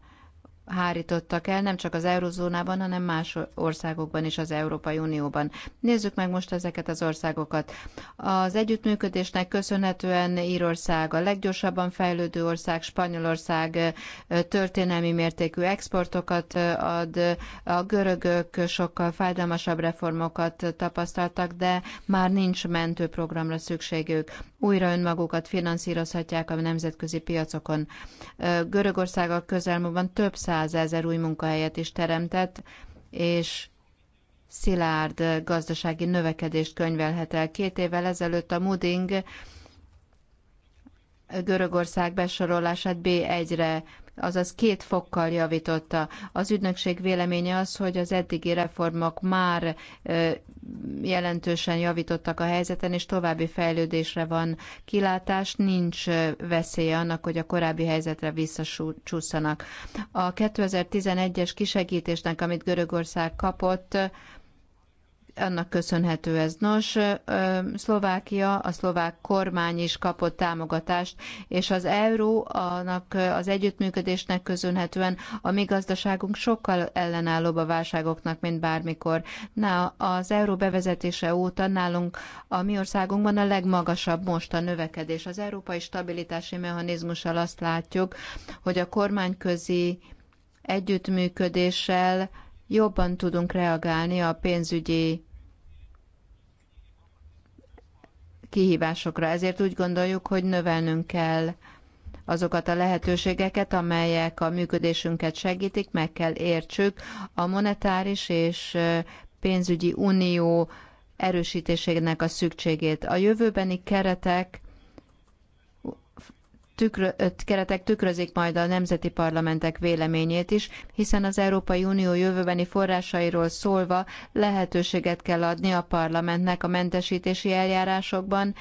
hárítottak el, nem csak az eurozónában, hanem más országokban is az Európai Unióban. Nézzük meg most ezeket az országokat. Az együttműködésnek köszönhetően Írország a leggyorsabban fejlődő ország, Spanyolország történelmi mértékű exportokat ad, a görögök sokkal fájdalmasabb reformokat tapasztaltak, de már nincs mentőprogramra szükségük újra önmagukat finanszírozhatják a nemzetközi piacokon. Görögország a közelmúltban több százezer új munkahelyet is teremtett, és szilárd gazdasági növekedést könyvelhet el. Két évvel ezelőtt a Muding Görögország besorolását B1-re azaz két fokkal javította. Az ügynökség véleménye az, hogy az eddigi reformok már jelentősen javítottak a helyzeten, és további fejlődésre van kilátás, nincs veszélye annak, hogy a korábbi helyzetre visszacsúszanak. A 2011-es kisegítésnek, amit Görögország kapott, annak köszönhető ez. Nos, Szlovákia, a szlovák kormány is kapott támogatást, és az euró annak az együttműködésnek köszönhetően a mi gazdaságunk sokkal ellenállóbb a válságoknak, mint bármikor. Na, az euró bevezetése óta nálunk a mi országunkban a legmagasabb most a növekedés. Az európai stabilitási mechanizmussal azt látjuk, hogy a kormányközi együttműködéssel jobban tudunk reagálni a pénzügyi kihívásokra. Ezért úgy gondoljuk, hogy növelnünk kell azokat a lehetőségeket, amelyek a működésünket segítik, meg kell értsük a monetáris és pénzügyi unió erősítésének a szükségét. A jövőbeni keretek tükrö, keretek tükrözik majd a nemzeti parlamentek véleményét is, hiszen az Európai Unió jövőbeni forrásairól szólva lehetőséget kell adni a parlamentnek a mentesítési eljárásokban,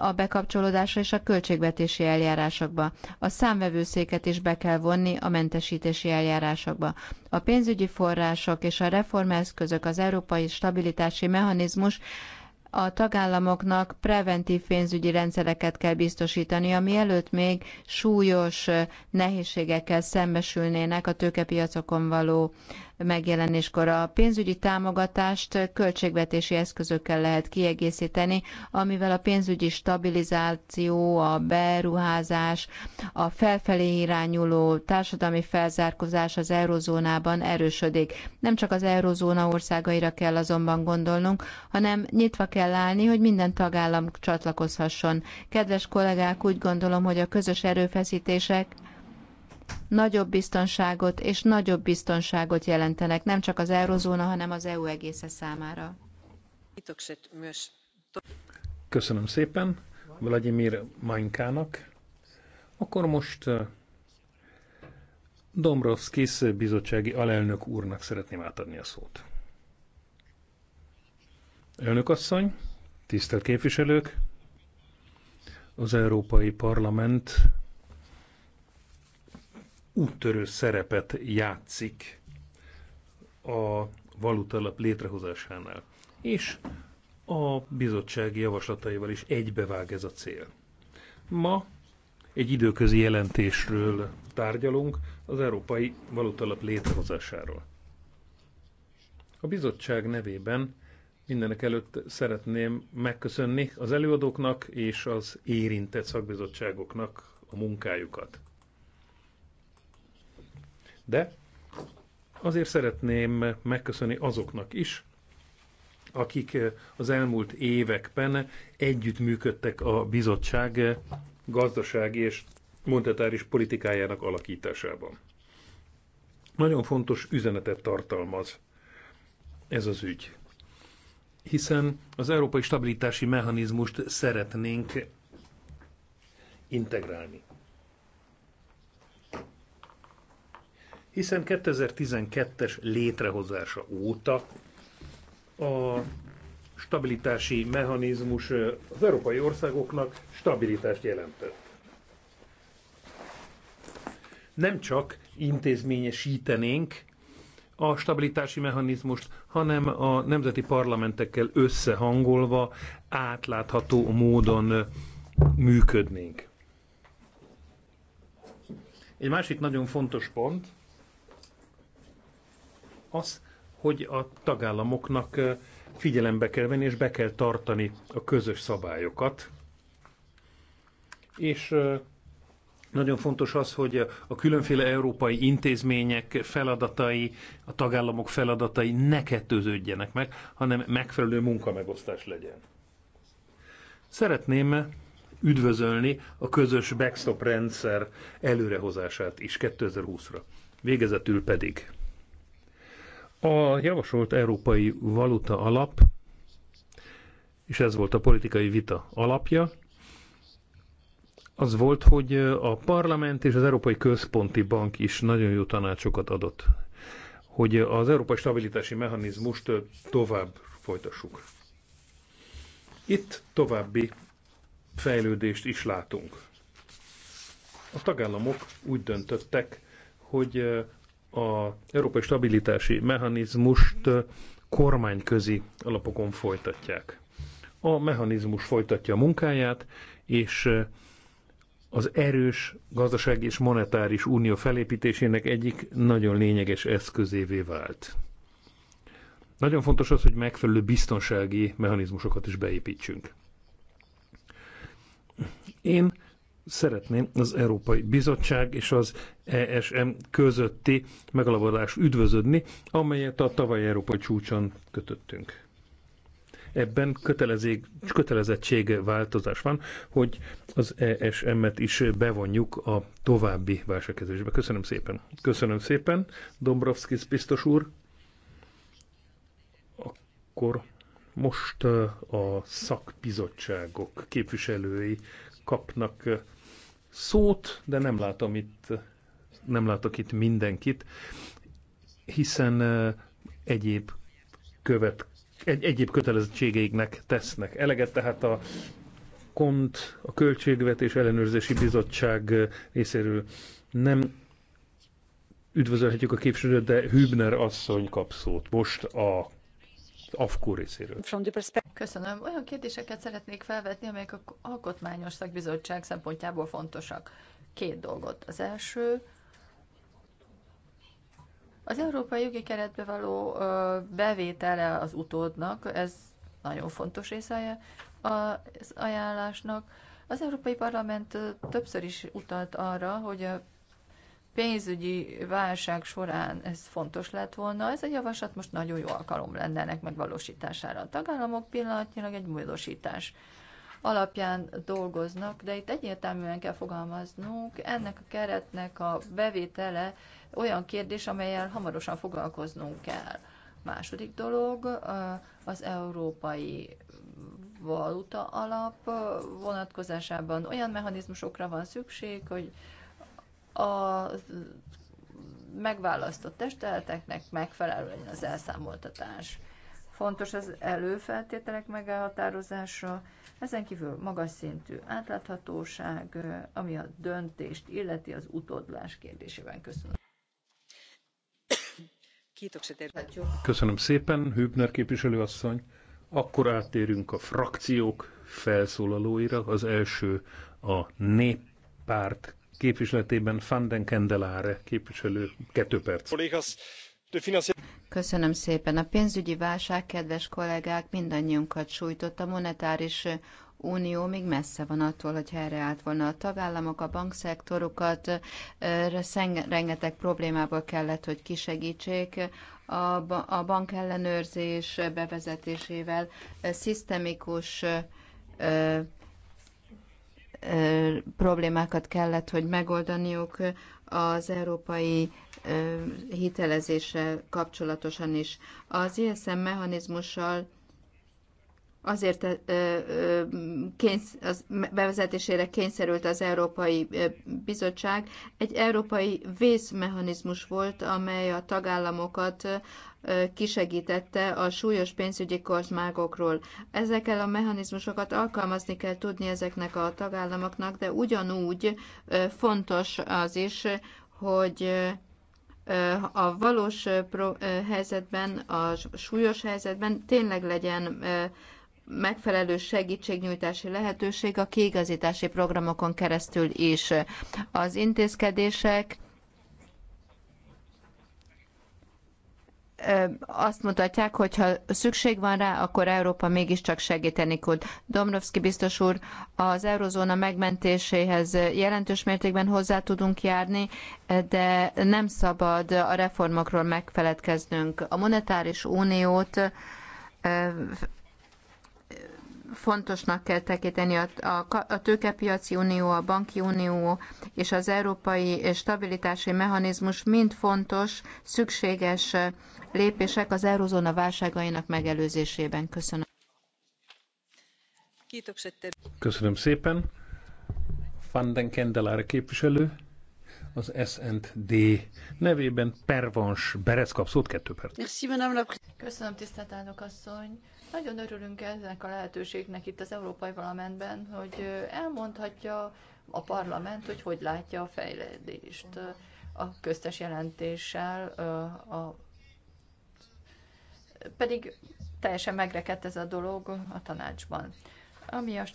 a bekapcsolódásra és a költségvetési eljárásokba. A számvevőszéket is be kell vonni a mentesítési eljárásokba. A pénzügyi források és a reformeszközök, az európai stabilitási mechanizmus a tagállamoknak preventív pénzügyi rendszereket kell biztosítani, ami előtt még súlyos nehézségekkel szembesülnének a tőkepiacokon való megjelenéskor. A pénzügyi támogatást költségvetési eszközökkel lehet kiegészíteni, amivel a pénzügyi stabilizáció, a beruházás, a felfelé irányuló társadalmi felzárkozás az eurozónában erősödik. Nem csak az eurozóna országaira kell azonban gondolnunk, hanem nyitva kell állni, hogy minden tagállam csatlakozhasson. Kedves kollégák, úgy gondolom, hogy a közös erőfeszítések nagyobb biztonságot és nagyobb biztonságot jelentenek, nem csak az eurozóna, hanem az EU egésze számára. Köszönöm szépen Vladimir Mainkának. Akkor most uh, Dombrovskis bizottsági alelnök úrnak szeretném átadni a szót. Elnök asszony, tisztelt képviselők, az Európai Parlament úttörő szerepet játszik a valutalap létrehozásánál. És a bizottsági javaslataival is egybevág ez a cél. Ma egy időközi jelentésről tárgyalunk az Európai Valutalap létrehozásáról. A bizottság nevében mindenek előtt szeretném megköszönni az előadóknak és az érintett szakbizottságoknak a munkájukat. De azért szeretném megköszönni azoknak is, akik az elmúlt években együttműködtek a bizottság gazdasági és monetáris politikájának alakításában. Nagyon fontos üzenetet tartalmaz ez az ügy, hiszen az európai stabilitási mechanizmust szeretnénk integrálni. hiszen 2012-es létrehozása óta a stabilitási mechanizmus az európai országoknak stabilitást jelentett. Nem csak intézményesítenénk a stabilitási mechanizmust, hanem a nemzeti parlamentekkel összehangolva átlátható módon működnénk. Egy másik nagyon fontos pont, az, hogy a tagállamoknak figyelembe kell venni, és be kell tartani a közös szabályokat. És nagyon fontos az, hogy a különféle európai intézmények feladatai, a tagállamok feladatai ne kettőződjenek meg, hanem megfelelő munkamegosztás legyen. Szeretném üdvözölni a közös backstop rendszer előrehozását is 2020-ra. Végezetül pedig a javasolt európai valuta alap, és ez volt a politikai vita alapja, az volt, hogy a parlament és az Európai Központi Bank is nagyon jó tanácsokat adott, hogy az Európai Stabilitási Mechanizmust tovább folytassuk. Itt további fejlődést is látunk. A tagállamok úgy döntöttek, hogy a európai stabilitási mechanizmust kormányközi alapokon folytatják. A mechanizmus folytatja a munkáját, és az erős gazdasági és monetáris unió felépítésének egyik nagyon lényeges eszközévé vált. Nagyon fontos az, hogy megfelelő biztonsági mechanizmusokat is beépítsünk. Én szeretném az Európai Bizottság és az ESM közötti megalapodás üdvözödni, amelyet a tavaly Európai csúcson kötöttünk. Ebben kötelezettség változás van, hogy az ESM-et is bevonjuk a további válságkezelésbe. Köszönöm szépen. Köszönöm szépen, Dombrovskis biztos úr. Akkor most uh, a szakbizottságok képviselői kapnak uh, szót, de nem látom itt, nem látok itt mindenkit, hiszen egyéb követ, egy, egyéb kötelezettségeiknek tesznek eleget, tehát a KONT, a Költségvetés Ellenőrzési Bizottság részéről nem üdvözölhetjük a képviselőt, de Hübner asszony kap szót. Most a AFKU részéről. Köszönöm. Olyan kérdéseket szeretnék felvetni, amelyek a Alkotmányos Szakbizottság szempontjából fontosak. Két dolgot. Az első, az európai jogi keretbe való bevétele az utódnak, ez nagyon fontos része az ajánlásnak. Az Európai Parlament többször is utalt arra, hogy a pénzügyi válság során ez fontos lett volna. Ez a javaslat most nagyon jó alkalom lenne ennek megvalósítására. A tagállamok pillanatnyilag egy módosítás alapján dolgoznak, de itt egyértelműen kell fogalmaznunk, ennek a keretnek a bevétele olyan kérdés, amelyel hamarosan foglalkoznunk kell. Második dolog az európai valuta alap vonatkozásában olyan mechanizmusokra van szükség, hogy a megválasztott testeleteknek megfelelő legyen az elszámoltatás. Fontos az előfeltételek meghatározása, ezen kívül magas szintű átláthatóság, ami a döntést illeti az utódlás kérdésében. Köszönöm. Köszönöm szépen, Hübner képviselőasszony. Akkor áttérünk a frakciók felszólalóira. Az első a néppárt képviseletében Fanden Kendelare képviselő, kettő perc. Köszönöm szépen. A pénzügyi válság, kedves kollégák, mindannyiunkat sújtott. A monetáris unió még messze van attól, hogy helyreállt volna a tagállamok, a bankszektorukat, rengeteg problémából kellett, hogy kisegítsék a bankellenőrzés bevezetésével, eh, szisztemikus eh, problémákat kellett, hogy megoldaniuk az európai hitelezéssel kapcsolatosan is. Az ISM mechanizmussal azért az bevezetésére kényszerült az Európai Bizottság. Egy európai vészmechanizmus volt, amely a tagállamokat kisegítette a súlyos pénzügyi korzmágokról. Ezekkel a mechanizmusokat alkalmazni kell tudni ezeknek a tagállamoknak, de ugyanúgy fontos az is, hogy a valós helyzetben, a súlyos helyzetben tényleg legyen megfelelő segítségnyújtási lehetőség a kiigazítási programokon keresztül is. Az intézkedések azt mutatják, hogy ha szükség van rá, akkor Európa mégiscsak segíteni tud. Domrovski biztos úr, az eurozóna megmentéséhez jelentős mértékben hozzá tudunk járni, de nem szabad a reformokról megfeledkeznünk. A monetáris uniót fontosnak kell tekinteni a, a, a tőkepiaci unió, a banki unió és az európai stabilitási mechanizmus mind fontos, szükséges lépések az eurozóna válságainak megelőzésében. Köszönöm. Köszönöm szépen. Van den Kendelár képviselő az SND nevében Pervans Berez kap szót, kettő perc. Köszönöm, tisztelt elnök asszony. Nagyon örülünk ennek a lehetőségnek itt az Európai Parlamentben, hogy elmondhatja a parlament, hogy hogy látja a fejlődést a köztes jelentéssel, a, pedig teljesen megrekedt ez a dolog a tanácsban. Ami a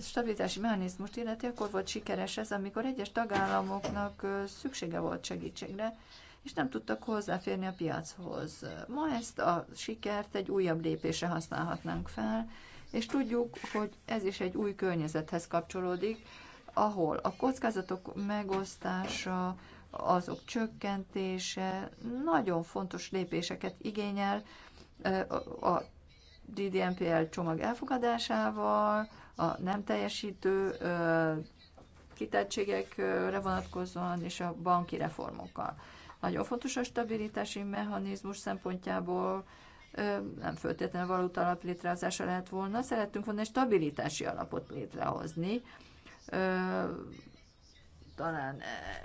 stabilitási mechanizmust illeti, akkor volt sikeres ez, amikor egyes tagállamoknak szüksége volt segítségre, és nem tudtak hozzáférni a piachoz. Ma ezt a sikert egy újabb lépésre használhatnánk fel, és tudjuk, hogy ez is egy új környezethez kapcsolódik, ahol a kockázatok megosztása, azok csökkentése nagyon fontos lépéseket igényel a DDMPL csomag elfogadásával, a nem teljesítő kitettségekre vonatkozóan és a banki reformokkal. Nagyon fontos a stabilitási mechanizmus szempontjából, nem föltétlenül valóta alap létrehozása lehet volna, szerettünk volna egy stabilitási alapot létrehozni, talán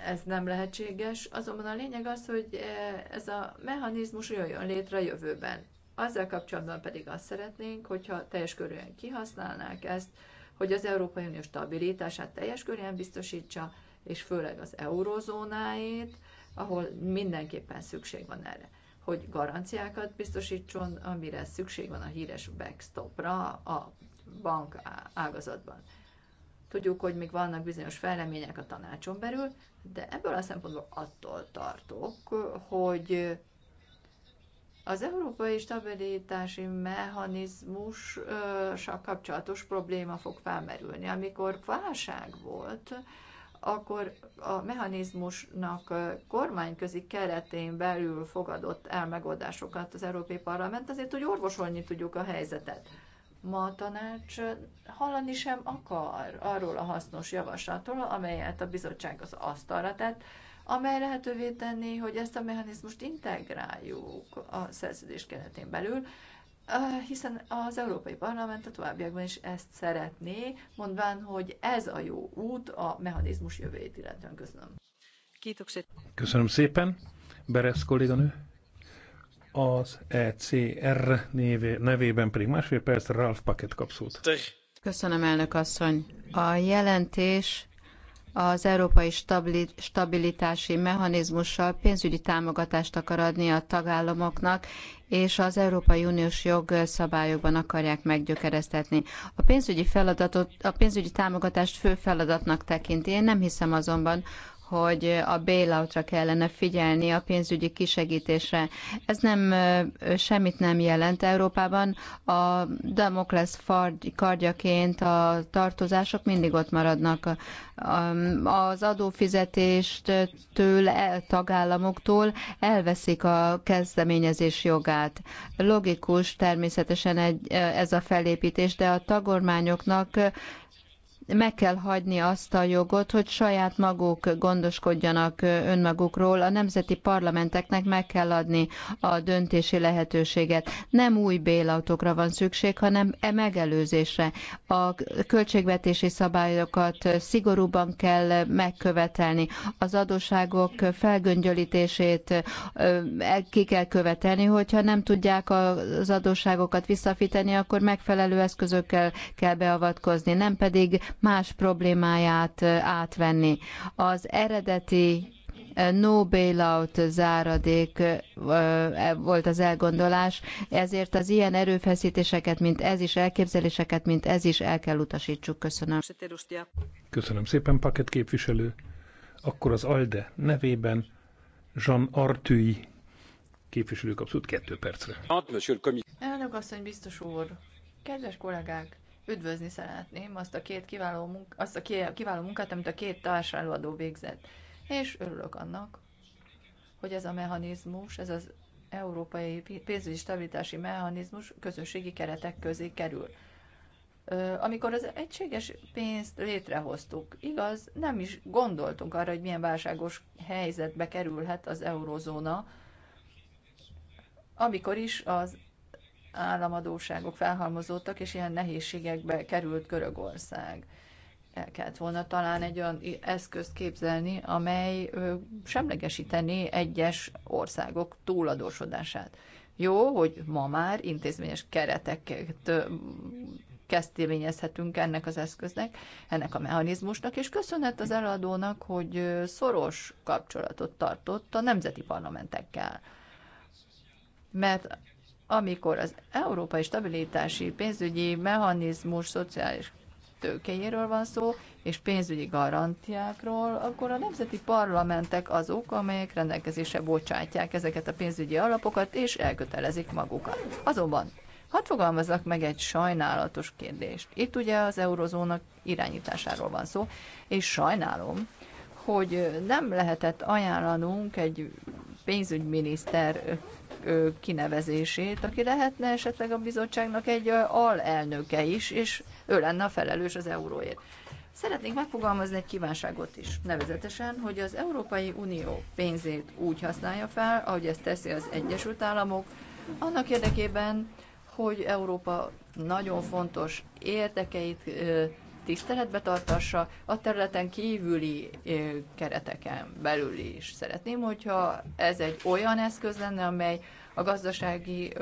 ez nem lehetséges, azonban a lényeg az, hogy e, ez a mechanizmus jöjjön létre a jövőben. Azzal kapcsolatban pedig azt szeretnénk, hogyha teljes körűen kihasználnák ezt, hogy az Európai Unió stabilitását teljes körűen biztosítsa, és főleg az eurozónáit, ahol mindenképpen szükség van erre hogy garanciákat biztosítson, amire szükség van a híres backstopra a bank ágazatban. Tudjuk, hogy még vannak bizonyos fejlemények a tanácson belül, de ebből a szempontból attól tartok, hogy az európai stabilitási mechanizmussal kapcsolatos probléma fog felmerülni. Amikor válság volt, akkor a mechanizmusnak kormányközi keretén belül fogadott el megoldásokat az Európai Parlament, azért, hogy orvosolni tudjuk a helyzetet. Ma a tanács hallani sem akar arról a hasznos javaslatról, amelyet a bizottság az asztalra tett, amely lehetővé tenni, hogy ezt a mechanizmust integráljuk a szerződés keretén belül, hiszen az Európai Parlament a továbbiakban is ezt szeretné, mondván, hogy ez a jó út a mechanizmus jövőjét illetően. Köszönöm. Köszönöm szépen, Beresz kolléganő. Az ECR névé, nevében pedig másfél perc Ralf Paket kapszót. Köszönöm, elnök asszony. A jelentés az európai stabilitási mechanizmussal pénzügyi támogatást akar adni a tagállamoknak, és az Európai Uniós jogszabályokban akarják meggyökeresztetni. A pénzügyi feladatot, a pénzügyi támogatást fő feladatnak tekinti. Én nem hiszem azonban, hogy a bailoutra kellene figyelni, a pénzügyi kisegítésre. Ez nem semmit nem jelent Európában. A Damocles kardjaként a tartozások mindig ott maradnak. Az adófizetést től, e, tagállamoktól elveszik a kezdeményezés jogát. Logikus természetesen ez a felépítés, de a tagormányoknak meg kell hagyni azt a jogot, hogy saját maguk gondoskodjanak önmagukról, a nemzeti parlamenteknek meg kell adni a döntési lehetőséget. Nem új bélautokra van szükség, hanem e megelőzésre. A költségvetési szabályokat szigorúban kell megkövetelni, az adóságok felgöngyölítését ki kell követelni, hogyha nem tudják az adósságokat visszafiteni, akkor megfelelő eszközökkel kell beavatkozni, nem pedig más problémáját átvenni. Az eredeti no bailout záradék e, volt az elgondolás, ezért az ilyen erőfeszítéseket, mint ez is, elképzeléseket, mint ez is el kell utasítsuk. Köszönöm. Köszönöm szépen, Paket képviselő. Akkor az ALDE nevében Jean Artui képviselő kapszult kettő percre. Elnök asszony, biztos úr, kedves kollégák, üdvözni szeretném azt a két kiváló, munk- azt a két kiváló munkát, amit a két társ végzett. És örülök annak, hogy ez a mechanizmus, ez az európai pénzügyi stabilitási mechanizmus közösségi keretek közé kerül. Amikor az egységes pénzt létrehoztuk, igaz, nem is gondoltunk arra, hogy milyen válságos helyzetbe kerülhet az eurozóna, amikor is az államadóságok felhalmozódtak, és ilyen nehézségekbe került Görögország. El kellett volna talán egy olyan eszközt képzelni, amely semlegesítené egyes országok túladósodását. Jó, hogy ma már intézményes kereteket kezdeményezhetünk ennek az eszköznek, ennek a mechanizmusnak, és köszönhet az eladónak, hogy szoros kapcsolatot tartott a nemzeti parlamentekkel. Mert amikor az európai stabilitási pénzügyi mechanizmus szociális tőkéjéről van szó, és pénzügyi garantiákról, akkor a nemzeti parlamentek azok, amelyek rendelkezésre bocsátják ezeket a pénzügyi alapokat, és elkötelezik magukat. Azonban, hadd fogalmazzak meg egy sajnálatos kérdést. Itt ugye az eurozónak irányításáról van szó, és sajnálom, hogy nem lehetett ajánlanunk egy pénzügyminiszter kinevezését, aki lehetne esetleg a bizottságnak egy alelnöke is, és ő lenne a felelős az euróért. Szeretnék megfogalmazni egy kívánságot is, nevezetesen, hogy az Európai Unió pénzét úgy használja fel, ahogy ezt teszi az Egyesült Államok, annak érdekében, hogy Európa nagyon fontos érdekeit tiszteletbe tartassa a területen kívüli kereteken belül is. Szeretném, hogyha ez egy olyan eszköz lenne, amely a gazdasági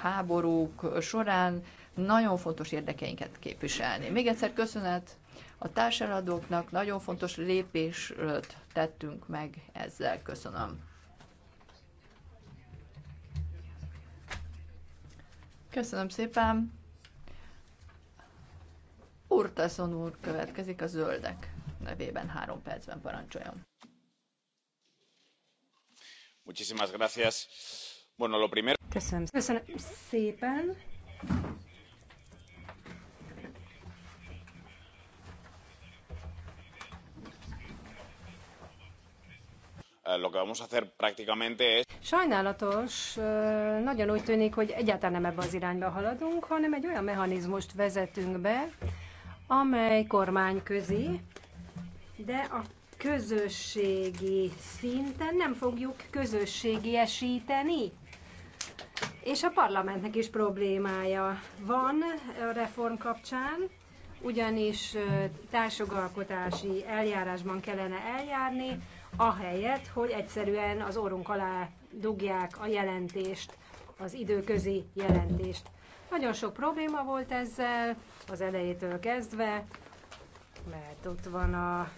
háborúk során nagyon fontos érdekeinket képviselni. Még egyszer köszönet a társadalmadóknak, nagyon fontos lépést tettünk meg ezzel. Köszönöm. Köszönöm szépen. Urtaszon úr következik a zöldek nevében három percben parancsoljon. Muchísimas gracias. Bueno, lo primero... Köszönöm. Köszönöm szépen. Eh, lo que vamos a hacer prácticamente es... Sajnálatos, eh, nagyon úgy tűnik, hogy egyáltalán nem ebbe az irányba haladunk, hanem egy olyan mechanizmust vezetünk be, amely kormányközi, de a közösségi szinten nem fogjuk közösségiesíteni. És a parlamentnek is problémája van a reform kapcsán, ugyanis társjogalkotási eljárásban kellene eljárni, ahelyett, hogy egyszerűen az orrunk alá dugják a jelentést, az időközi jelentést. Nagyon sok probléma volt ezzel az elejétől kezdve, mert ott van a